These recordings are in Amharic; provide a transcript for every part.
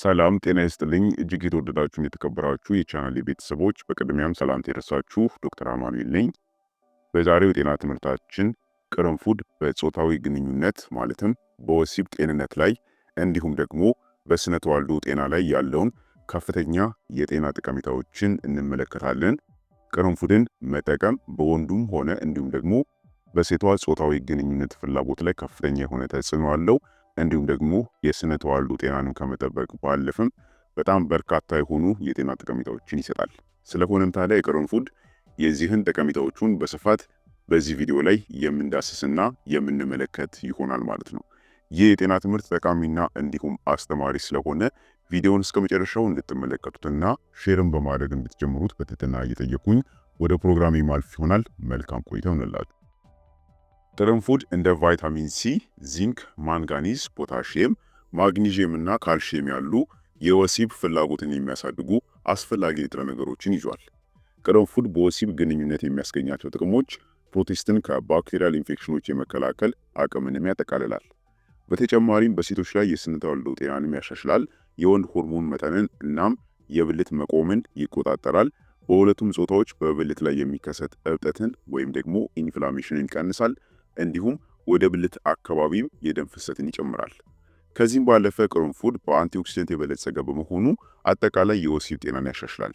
ሰላም ጤና ይስጥልኝ። እጅግ የተወደዳችሁን የተከበራችሁ የቻናል ቤተሰቦች በቅድሚያም ሰላምታ ይድረሳችሁ። ዶክተር አማኑኤል ነኝ። በዛሬው የጤና ትምህርታችን ቅርንፉድ በጾታዊ ግንኙነት ማለትም በወሲብ ጤንነት ላይ እንዲሁም ደግሞ በስነ ተዋልዶ ጤና ላይ ያለውን ከፍተኛ የጤና ጠቀሜታዎችን እንመለከታለን። ቅርንፉድን መጠቀም በወንዱም ሆነ እንዲሁም ደግሞ በሴቷ ጾታዊ ግንኙነት ፍላጎት ላይ ከፍተኛ የሆነ ተጽዕኖ አለው። እንዲሁም ደግሞ የስነ ተዋልዶ ጤናንም ከመጠበቅ ባለፍም በጣም በርካታ የሆኑ የጤና ጠቀሜታዎችን ይሰጣል። ስለሆነም ታዲያ የቅርንፉድ የዚህን ጠቀሜታዎቹን በስፋት በዚህ ቪዲዮ ላይ የምንዳስስና የምንመለከት ይሆናል ማለት ነው። ይህ የጤና ትምህርት ጠቃሚና እንዲሁም አስተማሪ ስለሆነ ቪዲዮውን እስከ መጨረሻው እንድትመለከቱትና ሼርም በማድረግ እንድትጀምሩት በትህትና እየጠየቁኝ ወደ ፕሮግራሜ ማልፍ ይሆናል። መልካም ቆይታ ይሆንላችሁ። ቅርንፉድ እንደ ቫይታሚን ሲ፣ ዚንክ፣ ማንጋኒዝ፣ ፖታሺየም፣ ማግኒዥየም እና ካልሺየም ያሉ የወሲብ ፍላጎትን የሚያሳድጉ አስፈላጊ ንጥረ ነገሮችን ይዟል። ቅርንፉድ በወሲብ ግንኙነት የሚያስገኛቸው ጥቅሞች ፕሮቴስትን ከባክቴሪያል ኢንፌክሽኖች የመከላከል አቅምንም ያጠቃልላል። በተጨማሪም በሴቶች ላይ የስነ ተዋልዶ ጤናንም ያሻሽላል። የወንድ ሆርሞን መጠንን እናም የብልት መቆምን ይቆጣጠራል። በሁለቱም ጾታዎች በብልት ላይ የሚከሰት እብጠትን ወይም ደግሞ ኢንፍላሜሽንን ይቀንሳል። እንዲሁም ወደ ብልት አካባቢም የደም ፍሰትን ይጨምራል። ከዚህም ባለፈ ቅርንፉድ በአንቲኦክሲደንት የበለጸገ በመሆኑ አጠቃላይ የወሲብ ጤናን ያሻሽላል።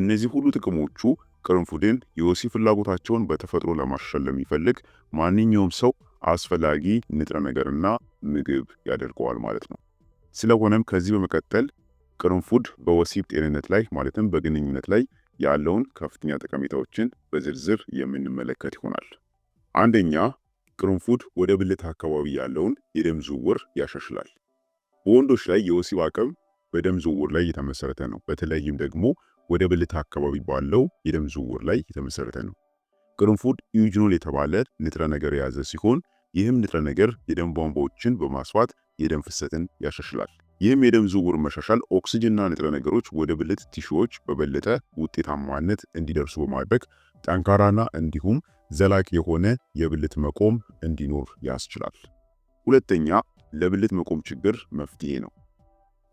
እነዚህ ሁሉ ጥቅሞቹ ቅርንፉድን የወሲብ ፍላጎታቸውን በተፈጥሮ ለማሻሻል ለሚፈልግ ማንኛውም ሰው አስፈላጊ ንጥረ ነገርና ምግብ ያደርገዋል ማለት ነው። ስለሆነም ከዚህ በመቀጠል ቅርንፉድ በወሲብ ጤንነት ላይ ማለትም በግንኙነት ላይ ያለውን ከፍተኛ ጠቀሜታዎችን በዝርዝር የምንመለከት ይሆናል። አንደኛ ቅርንፉድ ወደ ብልት አካባቢ ያለውን የደም ዝውውር ያሻሽላል። በወንዶች ላይ የወሲብ አቅም በደም ዝውውር ላይ የተመሰረተ ነው። በተለይም ደግሞ ወደ ብልት አካባቢ ባለው የደም ዝውውር ላይ የተመሰረተ ነው። ቅርንፉድ ዩጅኖል የተባለ ንጥረ ነገር የያዘ ሲሆን ይህም ንጥረ ነገር የደም ቧንቧዎችን በማስፋት የደም ፍሰትን ያሻሽላል። ይህም የደም ዝውውር መሻሻል ኦክስጅንና ንጥረ ነገሮች ወደ ብልት ቲሹዎች በበለጠ ውጤታማነት እንዲደርሱ በማድረግ ጠንካራና እንዲሁም ዘላቂ የሆነ የብልት መቆም እንዲኖር ያስችላል። ሁለተኛ ለብልት መቆም ችግር መፍትሄ ነው።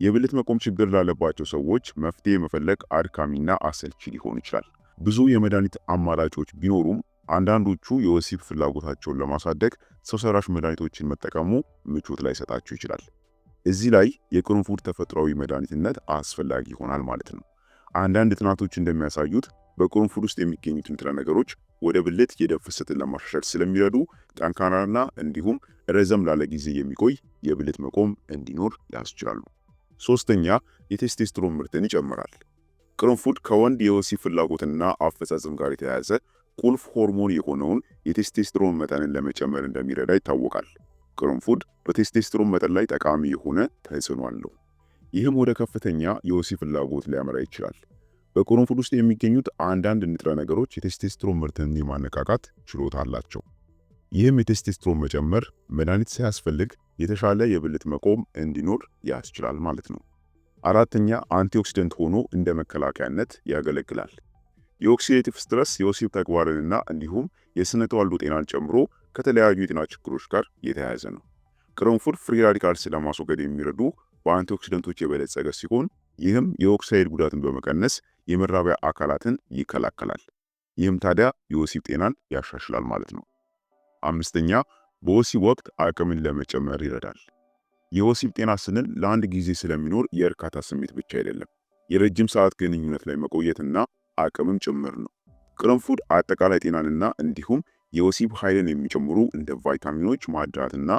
የብልት መቆም ችግር ላለባቸው ሰዎች መፍትሄ መፈለግ አድካሚና አሰልቺ ሊሆን ይችላል። ብዙ የመድኃኒት አማራጮች ቢኖሩም አንዳንዶቹ የወሲብ ፍላጎታቸውን ለማሳደግ ሰው ሰራሽ መድኃኒቶችን መጠቀሙ ምቾት ላይሰጣቸው ይችላል። እዚህ ላይ የቅርንፉድ ተፈጥሯዊ መድኃኒትነት አስፈላጊ ይሆናል ማለት ነው። አንዳንድ ጥናቶች እንደሚያሳዩት በቅርንፉድ ውስጥ የሚገኙት ንጥረ ነገሮች ወደ ብልት የደም ፍሰትን ለማሻሻል ስለሚረዱ ጠንካራና እንዲሁም ረዘም ላለ ጊዜ የሚቆይ የብልት መቆም እንዲኖር ያስችላሉ። ሶስተኛ የቴስቴስትሮን ምርትን ይጨምራል። ቅርንፉድ ከወንድ የወሲብ ፍላጎትና አፈጻጸም ጋር የተያያዘ ቁልፍ ሆርሞን የሆነውን የቴስቴስትሮን መጠንን ለመጨመር እንደሚረዳ ይታወቃል። ቅርንፉድ በቴስቴስትሮን መጠን ላይ ጠቃሚ የሆነ ተጽዕኖ አለው። ይህም ወደ ከፍተኛ የወሲብ ፍላጎት ሊያመራ ይችላል። በቅርንፉድ ውስጥ የሚገኙት አንዳንድ ንጥረ ነገሮች የቴስቴስትሮን ምርትን የማነቃቃት ችሎታ አላቸው። ይህም የቴስቴስትሮን መጨመር መድኃኒት ሳያስፈልግ የተሻለ የብልት መቆም እንዲኖር ያስችላል ማለት ነው። አራተኛ አንቲኦክሲደንት ሆኖ እንደ መከላከያነት ያገለግላል። የኦክሲዴቲቭ ስትረስ የወሲብ ተግባርንና እንዲሁም የስነ ተዋልዶ ጤናን ጨምሮ ከተለያዩ የጤና ችግሮች ጋር የተያያዘ ነው። ቅርንፉድ ፍሪ ራዲካልስ ለማስወገድ የሚረዱ በአንቲኦክሲደንቶች የበለጸገ ሲሆን ይህም የኦክሳይድ ጉዳትን በመቀነስ የመራቢያ አካላትን ይከላከላል። ይህም ታዲያ የወሲብ ጤናን ያሻሽላል ማለት ነው። አምስተኛ በወሲብ ወቅት አቅምን ለመጨመር ይረዳል። የወሲብ ጤና ስንል ለአንድ ጊዜ ስለሚኖር የእርካታ ስሜት ብቻ አይደለም፣ የረጅም ሰዓት ግንኙነት ላይ መቆየትና አቅምም ጭምር ነው። ቅርንፉድ አጠቃላይ ጤናንና እንዲሁም የወሲብ ኃይልን የሚጨምሩ እንደ ቫይታሚኖች፣ ማዕድናትና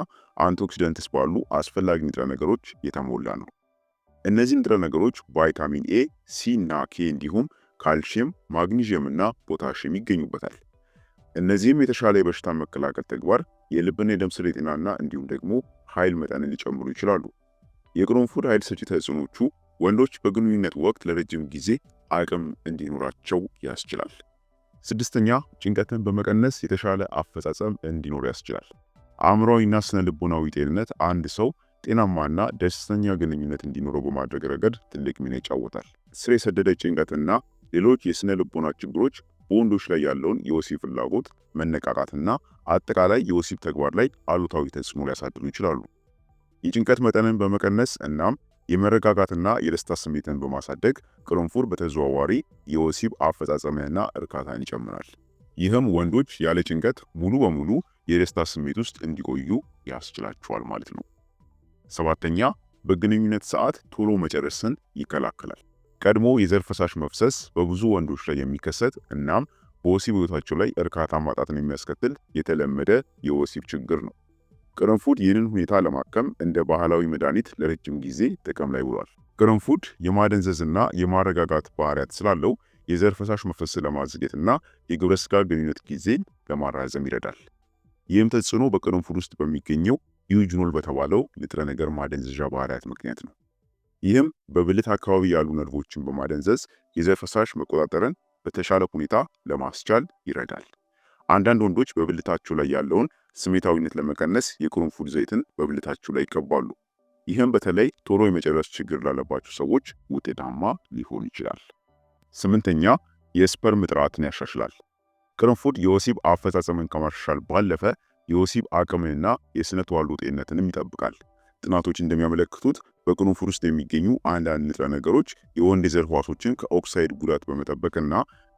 አንቲኦክሲደንትስ ባሉ አስፈላጊ ንጥረ ነገሮች የተሞላ ነው። እነዚህ ንጥረ ነገሮች ቫይታሚን ኤ፣ ሲ እና ኬ እንዲሁም ካልሽየም፣ ማግኒዥየም እና ፖታሽየም ይገኙበታል። እነዚህም የተሻለ የበሽታ መከላከል ተግባር፣ የልብና የደም ስር ጤናና እንዲሁም ደግሞ ኃይል መጠንን ሊጨምሩ ይችላሉ። የቅርንፉድ ኃይል ሰጪ ተጽዕኖቹ ወንዶች በግንኙነት ወቅት ለረጅም ጊዜ አቅም እንዲኖራቸው ያስችላል። ስድስተኛ ጭንቀትን በመቀነስ የተሻለ አፈጻጸም እንዲኖር ያስችላል። አእምሯዊና ስነ ልቦናዊ ጤንነት አንድ ሰው ጤናማና ደስተኛ ግንኙነት እንዲኖረው በማድረግ ረገድ ትልቅ ሚና ይጫወታል። ስር የሰደደ ጭንቀትና ሌሎች የስነ ልቦና ችግሮች በወንዶች ላይ ያለውን የወሲብ ፍላጎት መነቃቃትና አጠቃላይ የወሲብ ተግባር ላይ አሉታዊ ተጽዕኖ ሊያሳድሩ ይችላሉ። የጭንቀት መጠንን በመቀነስ እናም የመረጋጋትና የደስታ ስሜትን በማሳደግ ቅርንፉድ በተዘዋዋሪ የወሲብ አፈጻጸምህና እርካታን ይጨምራል። ይህም ወንዶች ያለ ጭንቀት ሙሉ በሙሉ የደስታ ስሜት ውስጥ እንዲቆዩ ያስችላቸዋል ማለት ነው። ሰባተኛ በግንኙነት ሰዓት ቶሎ መጨረስን ይከላከላል። ቀድሞ የዘር ፈሳሽ መፍሰስ በብዙ ወንዶች ላይ የሚከሰት እናም በወሲብ ህይወታቸው ላይ እርካታ ማጣትን የሚያስከትል የተለመደ የወሲብ ችግር ነው። ቅርንፉድ ይህንን ሁኔታ ለማከም እንደ ባህላዊ መድኃኒት ለረጅም ጊዜ ጥቅም ላይ ውሏል። ቅርንፉድ የማደንዘዝና የማረጋጋት ባህሪያት ስላለው የዘር ፈሳሽ መፈስን ለማዘግየትና የግብረ ስጋ ግንኙነት ጊዜን ለማራዘም ይረዳል። ይህም ተጽዕኖ በቅርንፉድ ውስጥ በሚገኘው ዩጅኖል በተባለው ንጥረ ነገር ማደንዘዣ ባህሪያት ምክንያት ነው። ይህም በብልት አካባቢ ያሉ ነርቮችን በማደንዘዝ የዘር ፈሳሽ መቆጣጠርን በተሻለ ሁኔታ ለማስቻል ይረዳል። አንዳንድ ወንዶች በብልታቸው ላይ ያለውን ስሜታዊነት ለመቀነስ የቅርንፉድ ዘይትን በብልታቸው ላይ ይቀባሉ። ይህም በተለይ ቶሎ የመጨረስ ችግር ላለባቸው ሰዎች ውጤታማ ሊሆን ይችላል። ስምንተኛ የስፐርም ጥራትን ያሻሽላል። ቅርንፉድ የወሲብ አፈጻጸምን ከማሻሻል ባለፈ የወሲብ አቅምንና የስነ ተዋልዶ ጤንነትንም ይጠብቃል። ጥናቶች እንደሚያመለክቱት በቅርንፉድ ውስጥ የሚገኙ አንዳንድ ንጥረ ነገሮች የወንድ የዘር ህዋሶችን ከኦክሳይድ ጉዳት በመጠበቅና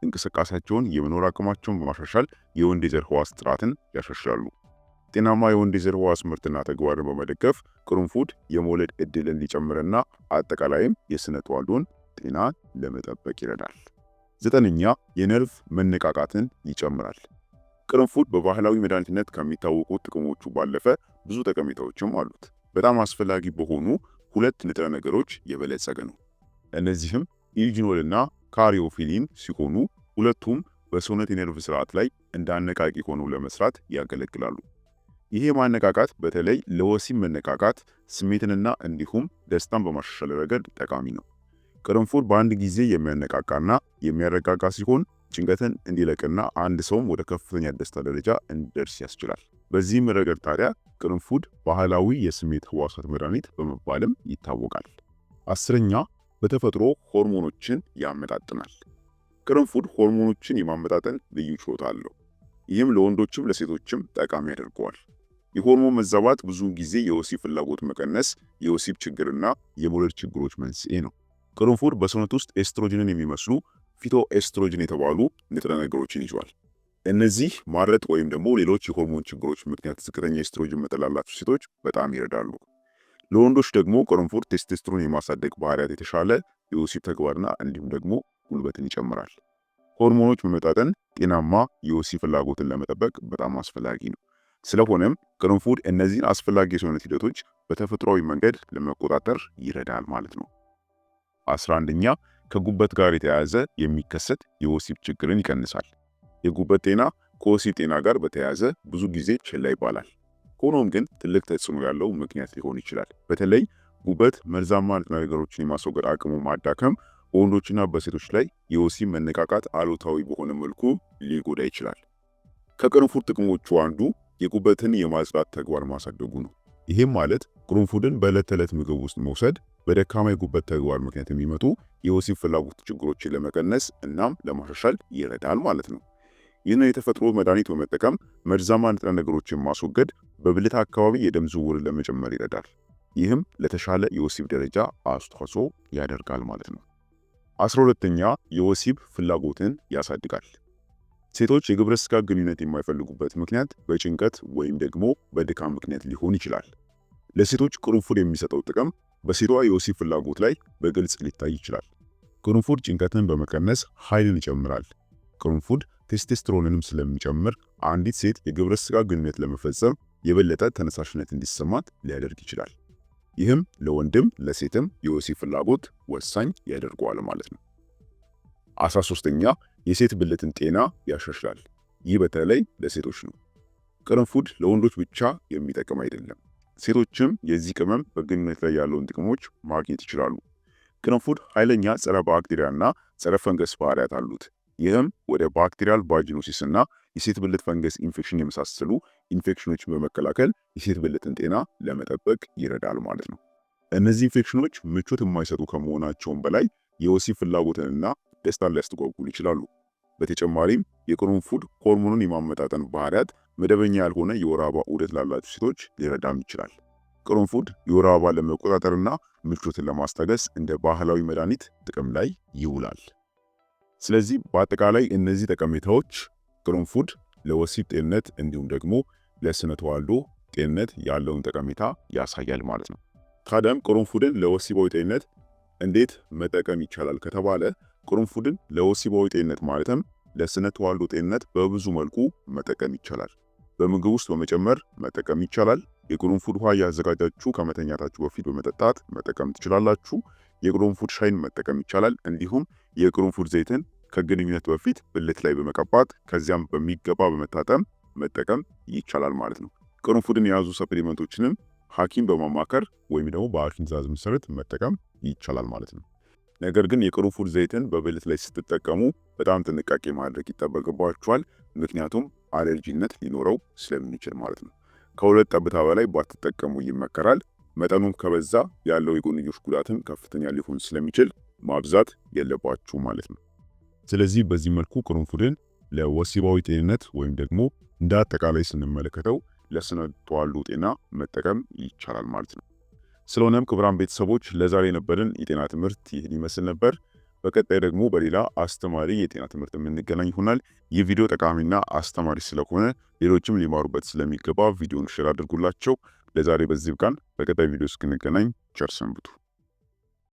እንቅስቃሴያቸውን፣ የመኖር አቅማቸውን በማሻሻል የወንድ የዘር ህዋስ ጥራትን ያሻሽላሉ። ጤናማ የወንድ የዘር ህዋስ ምርትና ተግባርን በመደገፍ ቅርንፉድ የመውለድ እድልን ሊጨምርና አጠቃላይም የስነ ተዋልዶን ጤና ለመጠበቅ ይረዳል። ዘጠነኛ የነርቭ መነቃቃትን ይጨምራል። ቅርንፉድ በባህላዊ መድኃኒትነት ከሚታወቁ ጥቅሞቹ ባለፈ ብዙ ጠቀሜታዎችም አሉት። በጣም አስፈላጊ በሆኑ ሁለት ንጥረ ነገሮች የበለጸገ ነው። እነዚህም ኢሊጂኖልና ካሪዮፊሊን ሲሆኑ ሁለቱም በሰውነት የነርቭ ስርዓት ላይ እንደ አነቃቂ ሆነው ለመስራት ያገለግላሉ። ይሄ ማነቃቃት በተለይ ለወሲብ መነቃቃት ስሜትንና እንዲሁም ደስታን በማሻሻል ረገድ ጠቃሚ ነው። ቅርንፉድ በአንድ ጊዜ የሚያነቃቃና የሚያረጋጋ ሲሆን ጭንቀትን እንዲለቅና አንድ ሰውም ወደ ከፍተኛ ደስታ ደረጃ እንዲደርስ ያስችላል። በዚህም ረገድ ታዲያ ቅርንፉድ ባህላዊ የስሜት ህዋሳት መድኃኒት በመባልም ይታወቃል። አስረኛ በተፈጥሮ ሆርሞኖችን ያመጣጥናል። ቅርንፉድ ሆርሞኖችን የማመጣጠን ልዩ ችሎታ አለው። ይህም ለወንዶችም ለሴቶችም ጠቃሚ ያደርገዋል። የሆርሞን መዛባት ብዙውን ጊዜ የወሲብ ፍላጎት መቀነስ፣ የወሲብ ችግርና የመውለድ ችግሮች መንስኤ ነው። ቅርንፉድ በሰውነት ውስጥ ኤስትሮጅንን የሚመስሉ ፊቶ ኤስትሮጅን የተባሉ ንጥረ ነገሮችን ይዟል። እነዚህ ማረጥ ወይም ደግሞ ሌሎች የሆርሞን ችግሮች ምክንያት ዝቅተኛ ኤስትሮጅን መጠን ላላቸው ሴቶች በጣም ይረዳሉ። ለወንዶች ደግሞ ቅርንፉድ ቴስቴስትሮን የማሳደግ ባህሪያት የተሻለ የወሲብ ተግባርና እንዲሁም ደግሞ ጉልበትን ይጨምራል። ሆርሞኖች በመጣጠን ጤናማ የወሲብ ፍላጎትን ለመጠበቅ በጣም አስፈላጊ ነው። ስለሆነም ቅርንፉድ እነዚህን አስፈላጊ የሰውነት ሂደቶች በተፈጥሯዊ መንገድ ለመቆጣጠር ይረዳል ማለት ነው። አስራ አንደኛ ከጉበት ጋር የተያያዘ የሚከሰት የወሲብ ችግርን ይቀንሳል። የጉበት ጤና ከወሲብ ጤና ጋር በተያያዘ ብዙ ጊዜ ችላ ይባላል። ሆኖም ግን ትልቅ ተጽዕኖ ያለው ምክንያት ሊሆን ይችላል። በተለይ ጉበት መርዛማ ንጥረ ነገሮችን የማስወገድ አቅሙ ማዳከም በወንዶችና በሴቶች ላይ የወሲብ መነቃቃት አሉታዊ በሆነ መልኩ ሊጎዳ ይችላል። ከቅርንፉድ ጥቅሞቹ አንዱ የጉበትን የማጽዳት ተግባር ማሳደጉ ነው። ይህም ማለት ቅርንፉድን በዕለት ተዕለት ምግብ ውስጥ መውሰድ በደካማ የጉበት ተግባር ምክንያት የሚመጡ የወሲብ ፍላጎት ችግሮችን ለመቀነስ እናም ለማሻሻል ይረዳል ማለት ነው። ይህን የተፈጥሮ መድኃኒት በመጠቀም መርዛማ ንጥረ ነገሮችን ማስወገድ በብልት አካባቢ የደም ዝውውርን ለመጨመር ይረዳል። ይህም ለተሻለ የወሲብ ደረጃ አስተዋጽኦ ያደርጋል ማለት ነው። አስራ ሁለተኛ የወሲብ ፍላጎትን ያሳድጋል። ሴቶች የግብረ ስጋ ግንኙነት የማይፈልጉበት ምክንያት በጭንቀት ወይም ደግሞ በድካም ምክንያት ሊሆን ይችላል። ለሴቶች ቅርንፉድ የሚሰጠው ጥቅም በሴቷ የወሲብ ፍላጎት ላይ በግልጽ ሊታይ ይችላል። ቅርንፉድ ጭንቀትን በመቀነስ ኃይልን ይጨምራል። ቅርንፉድ ቴስቴስትሮንንም ስለሚጨምር አንዲት ሴት የግብረ ስጋ ግንኙነት ለመፈጸም የበለጠ ተነሳሽነት እንዲሰማት ሊያደርግ ይችላል። ይህም ለወንድም ለሴትም የወሲብ ፍላጎት ወሳኝ ያደርገዋል ማለት ነው። አስራ ሶስተኛ የሴት ብልትን ጤና ያሻሽላል። ይህ በተለይ ለሴቶች ነው። ቅርንፉድ ለወንዶች ብቻ የሚጠቅም አይደለም። ሴቶችም የዚህ ቅመም በግንኙነት ላይ ያለውን ጥቅሞች ማግኘት ይችላሉ። ቅርንፉድ ኃይለኛ ጸረ ባክቴሪያና ጸረ ፈንገስ ባህሪያት አሉት። ይህም ወደ ባክቴሪያል ቫጂኖሲስ እና የሴት ብልት ፈንገስ ኢንፌክሽን የመሳሰሉ ኢንፌክሽኖችን በመከላከል የሴት ብልትን ጤና ለመጠበቅ ይረዳል ማለት ነው። እነዚህ ኢንፌክሽኖች ምቾት የማይሰጡ ከመሆናቸውም በላይ የወሲብ ፍላጎትንና ደስታን ሊያስተጓጉሉ ይችላሉ። በተጨማሪም የቅርንፉድ ሆርሞኑን የማመጣጠን ባህሪያት መደበኛ ያልሆነ የወር አበባ ዑደት ላላቸው ሴቶች ሊረዳም ይችላል። ቅርንፉድ የወር አበባ ለመቆጣጠርና ምቾትን ለማስታገስ እንደ ባህላዊ መድኃኒት ጥቅም ላይ ይውላል። ስለዚህ በአጠቃላይ እነዚህ ጠቀሜታዎች ቅርንፉድ ለወሲብ ጤንነት እንዲሁም ደግሞ ለስነ ተዋልዶ ጤንነት ያለውን ጠቀሜታ ያሳያል ማለት ነው። ታዲያም ቅርንፉድን ለወሲባዊ ጤንነት እንዴት መጠቀም ይቻላል ከተባለ ቅርንፉድን ለወሲባዊ ጤንነት ማለትም ለስነ ተዋልዶ ጤንነት በብዙ መልኩ መጠቀም ይቻላል። በምግብ ውስጥ በመጨመር መጠቀም ይቻላል። የቅርንፉድ ውሃ እያዘጋጃችሁ ከመተኛታችሁ በፊት በመጠጣት መጠቀም ትችላላችሁ። የቅርንፉድ ሻይን መጠቀም ይቻላል። እንዲሁም የቅርንፉድ ዘይትን ከግንኙነት በፊት ብልት ላይ በመቀባት ከዚያም በሚገባ በመታጠም መጠቀም ይቻላል ማለት ነው። ቅርንፉድን የያዙ ሰፕሊመንቶችንም ሐኪም በማማከር ወይም ደግሞ በሐኪም ትእዛዝ መሰረት መጠቀም ይቻላል ማለት ነው። ነገር ግን የቅርንፉድ ዘይትን በብልት ላይ ስትጠቀሙ በጣም ጥንቃቄ ማድረግ ይጠበቅባችኋል። ምክንያቱም አለርጂነት ሊኖረው ስለሚችል ማለት ነው። ከሁለት ጠብታ በላይ ባትጠቀሙ ይመከራል። መጠኑም ከበዛ ያለው የጎንዮሽ ጉዳትም ከፍተኛ ሊሆን ስለሚችል ማብዛት የለባችሁ ማለት ነው። ስለዚህ በዚህ መልኩ ቅርንፉድን ለወሲባዊ ጤንነት ወይም ደግሞ እንደ አጠቃላይ ስንመለከተው ለስነ ተዋልዶ ጤና መጠቀም ይቻላል ማለት ነው። ስለሆነም ክቡራን ቤተሰቦች ለዛሬ የነበረን የጤና ትምህርት ይህን ይመስል ነበር። በቀጣይ ደግሞ በሌላ አስተማሪ የጤና ትምህርት የምንገናኝ ይሆናል። ይህ ቪዲዮ ጠቃሚና አስተማሪ ስለሆነ ሌሎችም ሊማሩበት ስለሚገባ ቪዲዮን ሼር አድርጉላቸው። ለዛሬ በዚህ ብቃን። በቀጣይ ቪዲዮ እስክንገናኝ ቸር ሰንብቱ።